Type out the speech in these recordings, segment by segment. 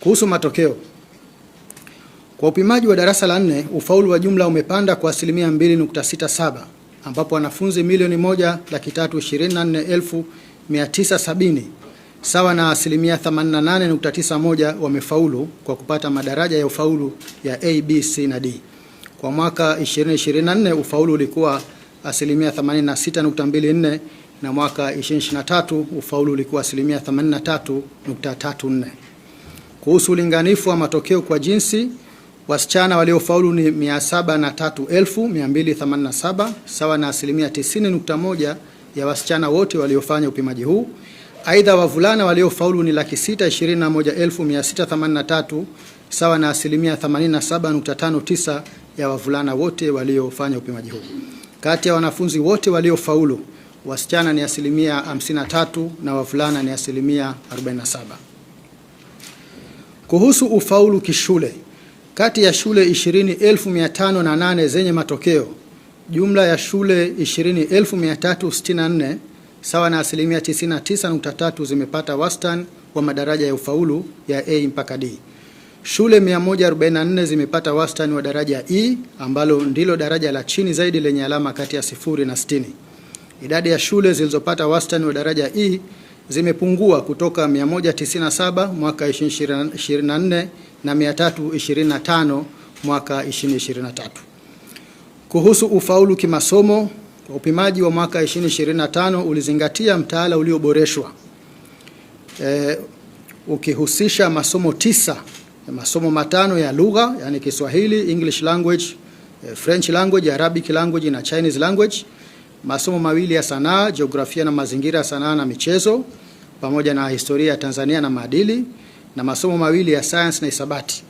Kuhusu matokeo, kwa upimaji wa darasa la nne, ufaulu wa jumla umepanda kwa asilimia 2.67 ambapo wanafunzi milioni moja nne elfu sabini sawa na asilimia 88.91 wamefaulu kwa kupata madaraja ya ufaulu ya A, B, C na D. Kwa mwaka 2024 ufaulu ulikuwa asilimia 86.24 na mwaka 2023 ufaulu ulikuwa asilimia 83.34. Kuhusu ulinganifu wa matokeo kwa jinsi, wasichana waliofaulu ni 703,287 sawa na asilimia 90.1 ya wasichana wote waliofanya upimaji huu. Aidha, wavulana waliofaulu ni laki 621683 sawa na asilimia 87.59 ya wavulana wote waliofanya upimaji huu. Kati ya wanafunzi wote waliofaulu, wasichana ni asilimia 53 na wavulana ni asilimia 47. Kuhusu ufaulu kishule, kati ya shule 20,508 zenye matokeo, jumla ya shule 20,364 sawa na asilimia 99.3 zimepata wastani wa madaraja ya ufaulu ya A mpaka D. Shule 144 zimepata wastani wa daraja E ambalo ndilo daraja la chini zaidi lenye alama kati ya sifuri na 60. Idadi ya shule zilizopata wastani wa daraja E zimepungua kutoka 197 mwaka 2024 na 325 mwaka 2023. Kuhusu ufaulu kimasomo, kwa upimaji wa mwaka 2025 ulizingatia mtaala ulioboreshwa e, ukihusisha masomo tisa, masomo matano ya lugha, yani Kiswahili, English language, eh, French language, Arabic language na Chinese language masomo mawili ya sanaa, jiografia na mazingira, sanaa na michezo, pamoja na historia ya Tanzania na maadili, na masomo mawili ya sayansi na hisabati.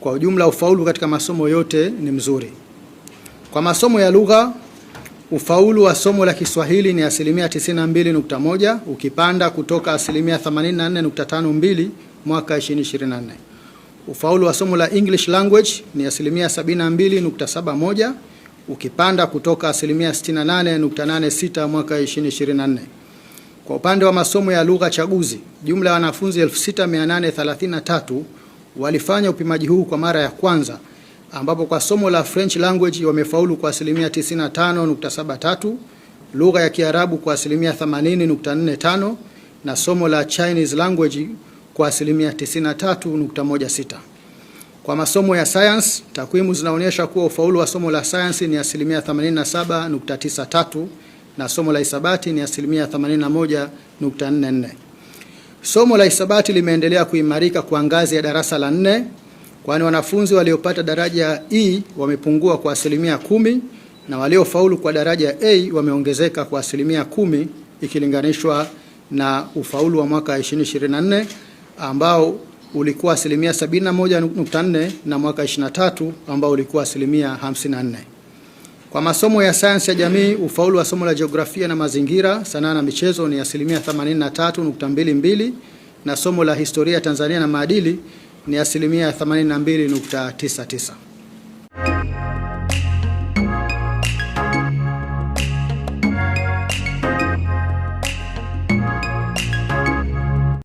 Kwa ujumla, ufaulu katika masomo yote ni mzuri. Kwa masomo ya lugha, ufaulu wa somo la Kiswahili ni asilimia 92.1 ukipanda kutoka asilimia 84.52 mwaka 2024. Ufaulu wa somo la English language ni asilimia 72.71 ukipanda kutoka asilimia 68.86 mwaka 2024. Kwa upande wa masomo ya lugha chaguzi, jumla ya wanafunzi 6833 walifanya upimaji huu kwa mara ya kwanza, ambapo kwa somo la French language wamefaulu kwa asilimia 95.73, lugha ya Kiarabu kwa asilimia 80.45 na somo la Chinese language kwa asilimia 93.16. Kwa masomo ya science, takwimu zinaonyesha kuwa ufaulu wa somo la science ni asilimia 87.93 na somo la hisabati ni asilimia 81.44. Somo la hisabati limeendelea kuimarika kwa ngazi ya darasa la nne, kwani wanafunzi waliopata daraja E wamepungua kwa asilimia kumi na waliofaulu kwa daraja A wameongezeka kwa asilimia kumi ikilinganishwa na ufaulu wa mwaka 2024 ambao ulikuwa asilimia 71.4 na mwaka 23 ambao ulikuwa asilimia 54. Kwa masomo ya sayansi ya jamii, ufaulu wa somo la jiografia na mazingira, sanaa na michezo ni asilimia 83.22 na somo la historia Tanzania na maadili ni asilimia 82.99.